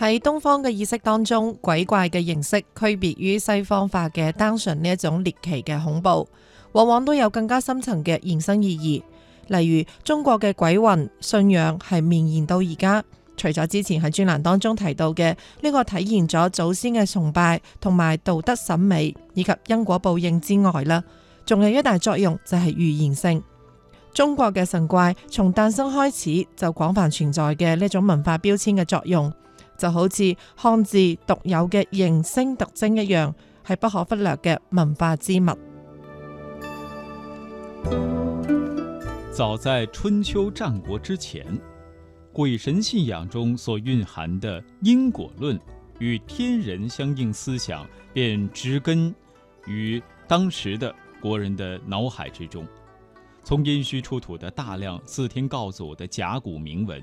喺東方嘅意識當中，鬼怪嘅形式區別於西方化嘅單純呢一種獵奇嘅恐怖，往往都有更加深層嘅延伸意義。例如中國嘅鬼魂信仰係綿延到而家，除咗之前喺專欄當中提到嘅呢個體現咗祖先嘅崇拜同埋道德審美以及因果報應之外啦，仲有一大作用就係預言性。中國嘅神怪從誕生開始就廣泛存在嘅呢種文化標籤嘅作用，就好似漢字獨有嘅形聲特徵一樣，係不可忽略嘅文化之物。早在春秋戰國之前，鬼神信仰中所蘊含的因果論與天人相應思想，便植根於當時的國人的腦海之中。從殷墟出土的大量四天告祖的甲骨銘文，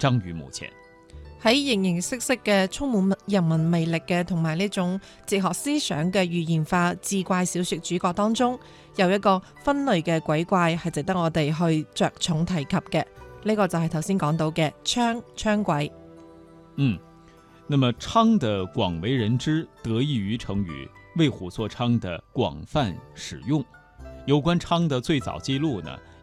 章與目前，喺形形色色嘅、充滿人民魅力嘅同埋呢種哲學思想嘅寓言化志怪小說主角當中，有一個分類嘅鬼怪係值得我哋去着重提及嘅。呢個就係頭先講到嘅倀倀鬼。嗯，那麼倀的廣為人知，得益於成語“為虎作倀”的廣泛使用。有關倀的最早記錄呢？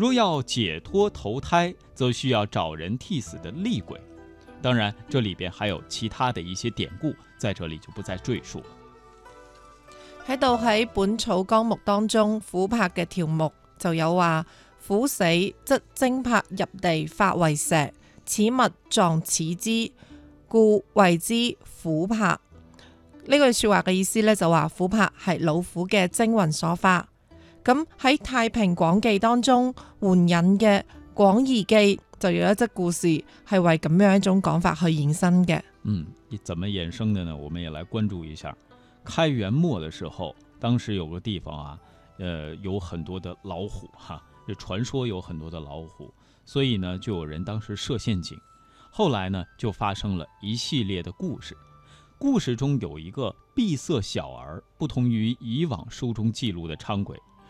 若要解脫投胎，則需要找人替死的厲鬼。當然，這裏邊還有其他的一些典故，在這裏就不再贅述了。喺度喺《本草綱目》當中，琥珀嘅條目就有話：虎死則精魄入地發為石，此物狀似之，故謂之琥珀。呢句說話嘅意思呢，就話琥珀係老虎嘅精魂所化。咁喺《在太平廣記》當中，援引嘅《廣異記》就有一則故事，係為咁樣一種講法去衍生嘅。嗯，怎麼衍生的呢？我們也來關注一下。開元末的時候，當時有個地方啊，呃，有很多的老虎哈、啊，傳說有很多的老虎，所以呢就有人當時設陷阱，後來呢就發生了一系列的故事。故事中有一個閉塞小兒，不同於以往書中記錄的倀鬼。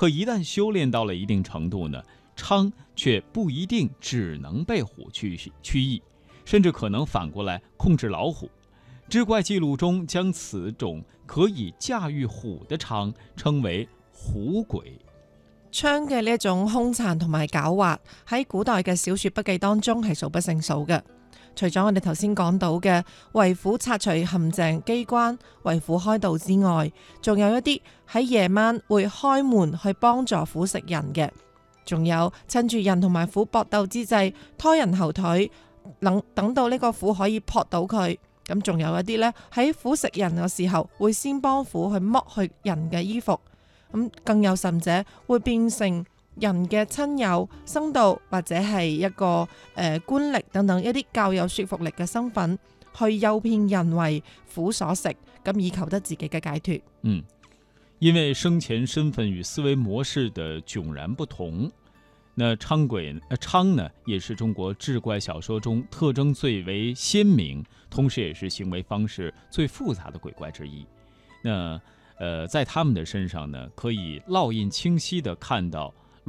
可一旦修煉到了一定程度呢，倀卻不一定只能被虎驅驅役，甚至可能反過來控制老虎。志怪記錄中將此種可以駕馭虎的倀稱為虎鬼。倀這樣的呢一種凶殘同埋狡猾，喺古代嘅小說筆記當中係數不勝數嘅。除咗我哋頭先講到嘅為虎拆除陷阱機關、為虎開道之外，仲有一啲喺夜晚會開門去幫助虎食人嘅，仲有趁住人同埋虎搏鬥之際拖人後腿，等等到呢個虎可以撲到佢。咁仲有一啲咧喺虎食人嘅時候，會先幫虎去剝去人嘅衣服。咁更有甚者會變成人嘅親友、生道或者係一個誒官吏等等一啲較有説服力嘅身份，去誘騙人為虎所食，咁以求得自己嘅解脱。嗯，因為生前身份與思維模式的迥然不同，那倀鬼、啊、倀呢，也是中國志怪小說中特徵最為鮮明，同時也是行為方式最複雜的鬼怪之一。那，呃，在他們的身上呢，可以烙印清晰的看到。